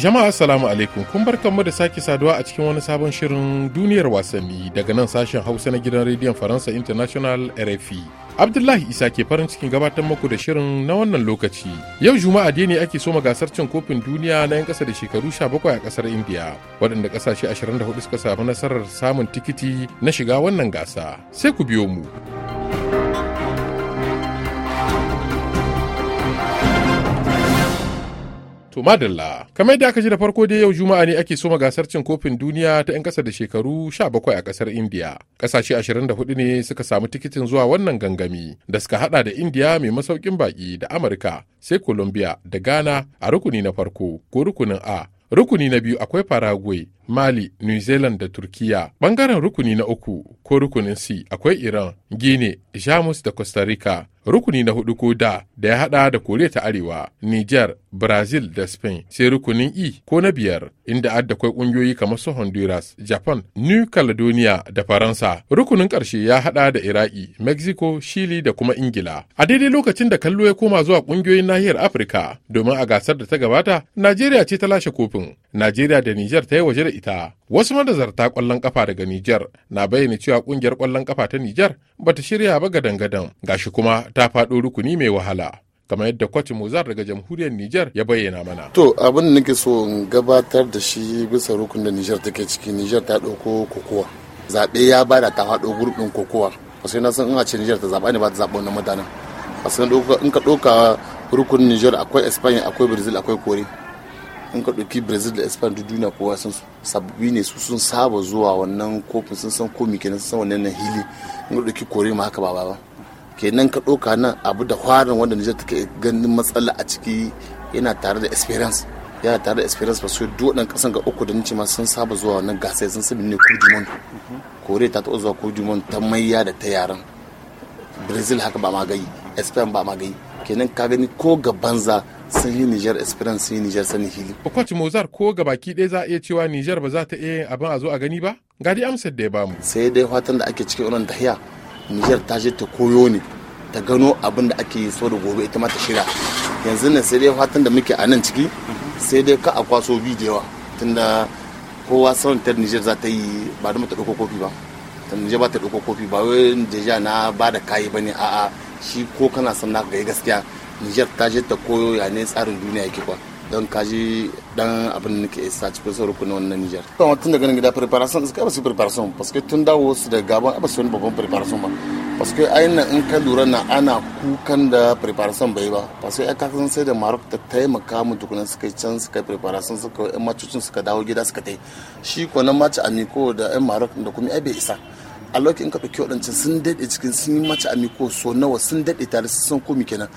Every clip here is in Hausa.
Jama'a Assalamu alaikum kun kanmu da sake saduwa a cikin wani sabon shirin duniyar wasanni daga nan sashen Hausa na gidan rediyon Faransa International RFI. Abdullahi Isa ke farin cikin gabatar muku da shirin na wannan lokaci. Yau Juma'a dai ne ake soma gasar cin kofin duniya na 'yan kasa da shekaru 17 a ƙasar India, waɗanda ƙasashe 24 suka samu nasarar samun tikiti na shiga wannan gasa. Sai ku biyo mu. To madalla, kamar yadda aka ji da farko dai yau Juma'a ne ake soma gasar cin kofin duniya ta 'yan ƙasa da shekaru 17 a ƙasar India. Ƙasashe 24 ne suka samu tikitin zuwa wannan gangami da suka hada da India mai masaukin baƙi da Amurka, sai Colombia da Ghana a rukuni na farko ko rukunin A. Rukuni na biyu akwai Paraguay, Mali, New Zealand da Turkiya. Bangaren rukuni na uku ko rukunin C akwai Iran, Guinea, Jamus da Costa Rica. rukuni na hudu ko da da ya hada da koriya ta arewa niger brazil da spain sai rukunin e ko na biyar inda adda kwai kungiyoyi kamar su honduras japan new caledonia da faransa rukunin karshe ya hada da iraki mexico chile da kuma ingila a daidai lokacin da kallo ya koma zuwa kungiyoyin nahiyar afirka domin a gasar da ta gabata najeriya ce ta lashe kofin najeriya da niger ta yi waje da ita Wasu madazarta kwallon kafa daga Nijar na bayyana cewa kungiyar kwallon kafa ta Nijar bata shirya ba gadan-gadan gashi kuma ta faɗo rukuni mai wahala. kamar yadda kwacin mozar daga jamhuriyar Nijar ya bayyana mana. To abin da nake so in gabatar da shi bisa rukun da Nijar take ciki Nijar ta ɗauko kokowa. Zaɓe ya bada ta haɗo gurbin kokowa. Wasu na san in a ce Nijar ta zaɓa ne ba ta zaɓa wannan mutanen. Wasu in ka ɗauka rukun Nijar akwai Espanya akwai Brazil akwai Kore. in ka ɗauki brazil da spain da duniya kowa sun sabbi ne su sun saba zuwa wannan kofin sun san komi kenan sun san wannan na hili in ka ɗauki kore ma haka ba ba kenan ka ɗauka nan abu da kwarin wanda nijar take ganin matsala a ciki yana tare da experience yana tare da experience ba su duk waɗannan ƙasan ga uku da nice ma sun saba zuwa wannan gasa sun sani ne kurdimon kore ta taɓa zuwa kurdimon ta maiya da ta yaran brazil haka ba ma gai spain ba ma gai kenan ka gani ko ga banza sun yi Nijar experience sun yi Nijar sani hili. Kwakwacin Mozar ko baki ɗaya za a iya cewa Nijar ba za ta iya yin abin a zo a gani ba? Ga dai amsar da ya bamu. Sai dai fatan da ake cikin wannan tahiya Nijar ta je ta koyo ne ta gano abin da ake yi so da gobe ita ma ta shirya. Yanzu ne sai dai fatan da muke a nan ciki sai dai ka a kwaso bidiyawa tunda kowa sauran ta Nijar za ta yi ba da mata ɗauko kofi ba. Ta Nijar ba ta ɗauko kofi ba wai Nijar na ba da kayi ba ne a'a shi ko kana son ga gaskiya niger ta je ta koyo ya ne tsarin duniya yake kwa don kaji dan abin da ke isa cikin sauraro na wannan Nijar. Don tun daga nan gida preparation suka ba su preparation paske tun dawo su da gabon ba su wani babban preparation ba. Paske ayin nan in ka lura na ana kukan da preparation bai ba. Paske ya kakan sai da Marok ta taimaka mu tukunan suka yi can suka yi preparation suka yi macocin suka dawo gida suka ta yi Shi ko nan mace Amiko da yan Marok da kuma ai bai isa. a lokacin ka ɗauki waɗancan sun daɗe cikin sun yi mace amiko so nawa sun daɗe tare sun san komi kenan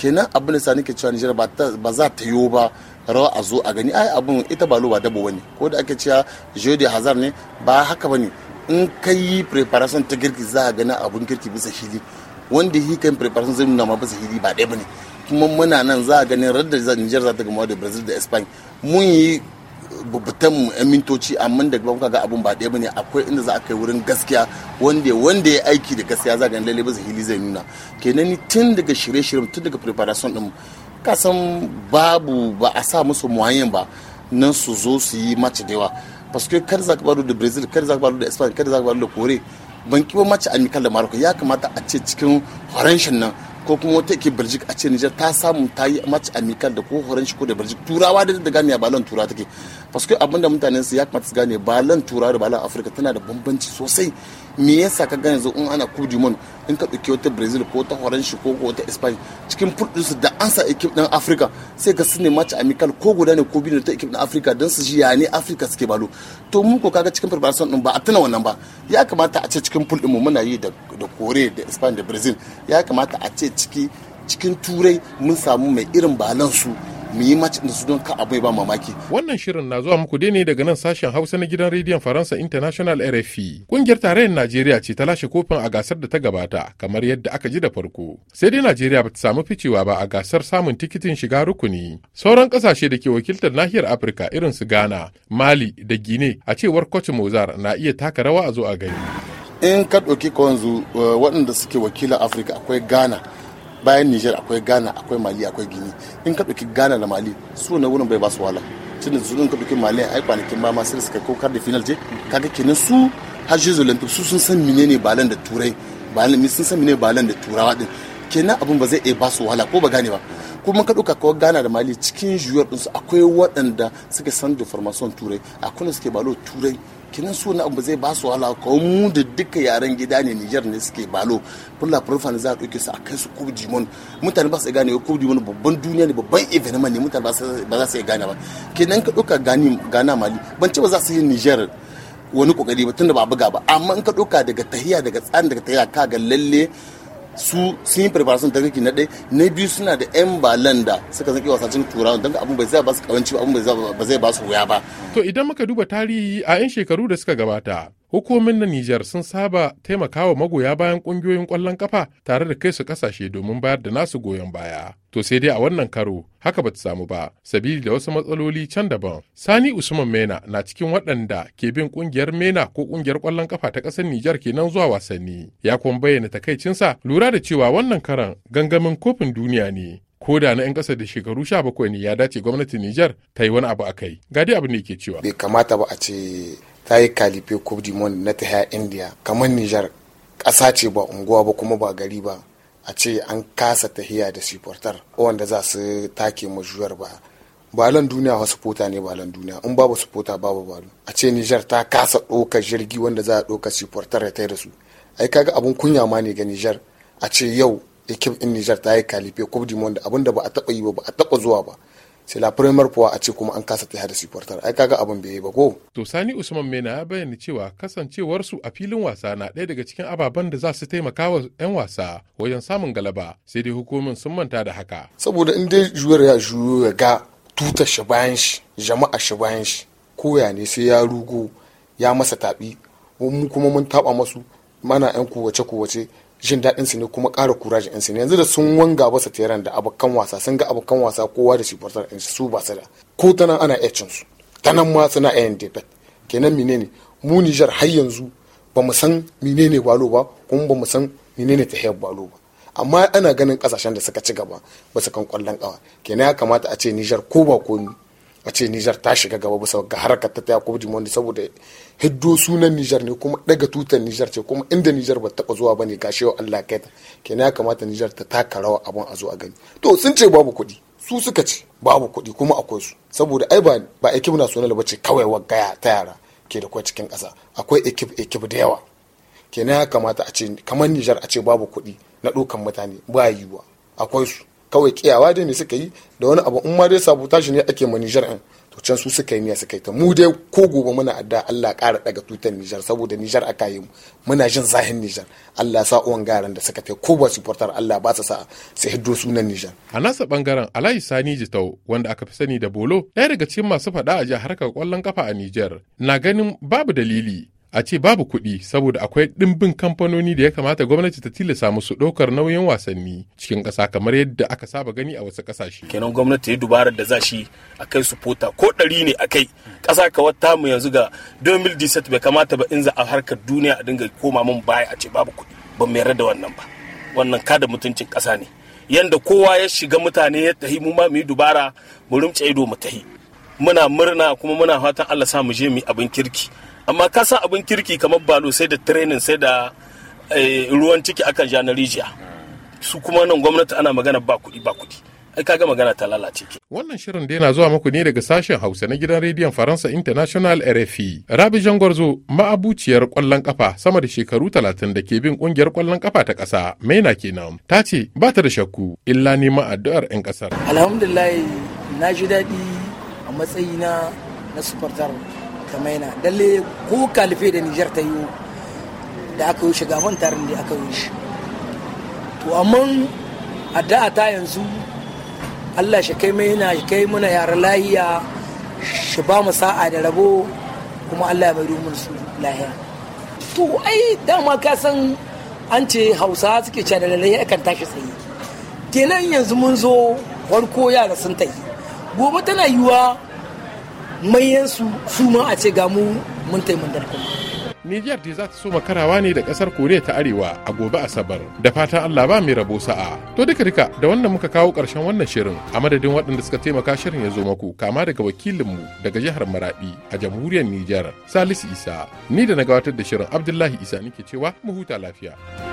kenan abin da sani ke cewa Nijar ba za ta yiwu ba rawa a zo a gani ai abin ita ba ba dabo bane ko da ake cewa jeu de hazard ne ba haka bane in ka yi preparation ta girki za a gani abin girki bisa shiri wanda yi kan preparation zai nuna ma bisa shiri ba ɗaya bane kuma muna nan za a ganin radda Nijar za ta gama da Brazil da Spain mun yi bubutan mu mintoci amma da ba ga abun ba ɗaya bane akwai inda za a kai wurin gaskiya wanda wanda ya aiki da gaskiya za ga lalle ba hili zai nuna kenan ni tun daga shirye-shirye tun daga preparation din ka san babu ba a sa musu muhayyan ba nan su zo su yi mace da yawa paske kar za ka baro da brazil kar za ka baro da spain kar za ka baro da kore ban kiwo mace amikal da maroko ya kamata a ce cikin horon nan ko kuma wata ke Belgique a ce nijar ta samu ta yi match amical da ko shi ko da Belgique turawa da da gane balon turawa take parce que abinda mutanen su ya kamata su gane balon tura da balon Afirka tana da bambanci sosai me yasa ka gane zo in ana kudi mun in ka dauki wata Brazil ko ta horan shi ko wata Spain cikin su da an sa equipe din Afirka sai ka sune match amical ko guda ne ko biyu da ta ekip din Afirka dan su ji ya ne Afirka suke balo to mu ko kaga cikin preparation din ba a tuna wannan ba ya kamata a ce cikin pool din mu muna yi da Kore da Spain da Brazil ya kamata a ce ciki cikin turai mun samu mai irin balansu mu yi match da su don ka abai ba mamaki. Wannan shirin na zuwa muku dai ne daga nan sashen Hausa na gidan rediyon Faransa International RFI. Kungiyar tarayyar Najeriya ce ta lashe kofin a gasar da ta gabata kamar yadda aka ji da farko. Sai dai Najeriya bata samu ficewa ba a gasar samun tikitin shiga rukuni. Sauran kasashe da ke wakiltar nahiyar Afirka irin su Ghana, Mali da Gine a cewar Kwacin Mozar na iya taka rawa a zo a gani. In ka ɗauki ka eh, waɗanda suke wakila Afirka akwai Ghana, bayan niger akwai ghana akwai mali akwai gini in ka ɗauki ghana da mali su na wurin bai ba su wala tun da su ka ɗauki mali ai kwanakin ba ma sai suka kai kar da final je kaga kenan su hajjiyar olympic su sun san mine ne balan da turai balan sun san mine balan da turawa din kenan abin ba zai iya ba su wala ko ba gane ba kuma ka ɗauka kawai Ghana da mali cikin juyar ɗinsu akwai waɗanda suka san da farmason turai akwai suke balo turai kinan su wani abu zai ba su wahala ko mu da duka yaren gida ne Niger ne suke balo fulla profan za a su a kai su Coupe du mutane ba su gane Coupe du Monde babban duniya ne babban evenement ne mutane ba za su gane ba kinan ka doka gani gana mali ban ce ba za su yi Niger wani kokari ba tunda ba buga ba amma in ka doka daga tahiya daga tsarin daga tahiya ka ga lalle su sun yi preparation technique na ɗaya na biyu suna da yan balan da suka zaki wasacin turawa don abin bai zai ba su kawanci ba abin bai zai ba su wuya ba to idan muka duba tarihi a yan shekaru da suka gabata Hukumomin na Nijar sun saba taimakawa magoya bayan ƙungiyoyin ƙwallon ƙafa tare da kai su ƙasashe domin bayar da nasu goyon baya. To sai dai a wannan karo haka ba samu ba, sabili da wasu matsaloli can daban. Sani Usman Mena na cikin waɗanda ke bin ƙungiyar Mena ko ƙungiyar ƙwallon ƙafa ta ƙasar Nijar kenan zuwa wasanni. Ya kuma bayyana takaicinsa lura da cewa wannan karan gangamin kofin duniya ne. ko da na 'yan ƙasa da shekaru sha bakwai ne ya dace gwamnatin Nijar ta yi wani abu a kai. Ga dai abin da yake cewa. Bai kamata ba a ce ta yi kalife kubdimon na ta indiya kamar nijar ƙasa ce ba unguwa ba kuma ba gari ba a ce an kasa tahiya da siportar wanda za su take majuwar ba balon duniya wasu fota ne balon duniya in babu supporter babu balo a ce nijar ta kasa ɗoka jirgi wanda za a ɗoka siportar ya tai da su ai kaga abun kunya ma ne ga nijar a ce yau ekip in nijar ta yi kalife kubdimon da abun da ba a taɓa yi ba ba a taɓa zuwa ba sai la premier fois a ce kuma an kasa ta da supporter ai kaga abin bai yi ba ko to sani usman mena ya bayyana cewa kasancewar su a filin wasa na ɗaya daga cikin ababen da za su taimaka wa 'yan wasa wajen samun galaba sai dai hukumin sun manta da haka saboda in dai juyar ya juyo ya ga tuta shi bayan shi jama'a shi bayan shi koya ne sai ya rugo ya masa tabi mu kuma mun taba masu mana 'yan kowace kowace jin daɗin su ne kuma ƙara kurajin su ne yanzu da sun wanga basa teran da abokan wasa sun ga abokan wasa kowa da supporter ɗin su ba su da ko ta nan ana iya su ta nan ma suna iya debet kenan menene mu Nijar har yanzu ba mu san menene balo ba kuma ba mu san menene tahiyar balo ba amma ana ganin kasashen da suka ci gaba ba su kan kwallon ƙawa kenan ya kamata a ce Nijar ko ba komi a ce Nijar ta shiga gaba bisa ga harkar ta Yakubu Jimondi saboda hiddo sunan Nijar ne kuma daga tutar Nijar ce kuma inda Nijar ba taba zuwa bane gashi shewa Allah kai ta kenan ya kamata Nijar ta taka rawa abun a zo a gani to sun ce babu kuɗi su suka ce babu kuɗi kuma akwai su saboda ai ba ba ekip national ba ce kawai wagaya ta yara ke da kwai cikin ƙasa akwai ekip ekip da yawa kenan ya kamata a ce kamar Nijar a ce babu kuɗi na ɗaukan mutane ba yiwuwa akwai su kawai kiyawa dai me suka yi da wani abu in ma dai tashi ne ake ma Nijar to can su suka yi miya suka yi ta mu dai ko gobe muna adda Allah ƙara daga tutar Nijar saboda Nijar aka yi muna jin zahin Nijar Allah sa uwan garan da suka ta ko ba supporter Allah ba sa sa su hiddo sunan Nijar a nasa bangaren Alhaji Sani Jitau wanda aka fi sani da Bolo ɗaya daga cikin masu faɗa a harkar kwallon kafa a Nijar na ganin babu dalili a ce babu kuɗi saboda akwai ɗimbin kamfanoni da ya kamata gwamnati ta tilasta musu ɗaukar nauyin wasanni cikin ƙasa kamar yadda aka saba gani a wasu ƙasashe. kenan gwamnati ya dubarar da za shi a kai supporta ko ɗari ne a kai ƙasa kawar tamu yanzu ga 2017 bai kamata ba in za a harkar duniya a dinga koma min baya a ce babu kuɗi mu mai da wannan ba wannan kada mutuncin ƙasa ne yanda kowa ya shiga mutane ya tahi mu ma mu yi dubara mu rumce ido mu tahi muna murna kuma muna fatan Allah sa mu je mu abin kirki amma ka san abin kirki kamar balo sai da training sai da eh, ruwan ciki akan ja na rijiya su kuma nan gwamnati ana magana ba kuɗi ba kuɗi ai kaga magana ta lalace ke wannan shirin da yana zuwa muku ne daga sashen hausa na gidan rediyon faransa international rfi rabi jangwarzo ma'abuciyar kwallon kafa sama da shekaru talatin da ke bin kungiyar kwallon kafa ta ƙasa maina kenan ta ce ba ta da shakku illa neman addu'ar 'yan kasar. alhamdulillah na ji daɗi a matsayina na sufartar kamar yana dalle ko kalife da Nijar ta yi da aka yi shiga tarin da aka yi shi to amma a da'a ta yanzu Allah shi kai yana shi kai muna yara lahiya shi ba mu sa'a da rabo kuma Allah ya bari mun su lahiya to ai dama ka san an ce hausa suke cewa da lahiya kan tashi tsaye kenan yanzu mun zo farko yara sun tafi gobe tana yiwa mayansu su ma a ce ga mu mun taimuntar kuma Nijar da za ta soma makarawa ne da kasar Koriya ta Arewa a gobe Asabar. Da fatan Allah ba mai rabo sa'a. To duka duka da wannan muka kawo ƙarshen wannan shirin a madadin waɗanda suka taimaka shirin ya zo maku kama daga wakilinmu daga jihar Maradi a jamhuriyar Nijar Salisu Isa. Ni da na gabatar da shirin Abdullahi Isa nake cewa mu huta lafiya.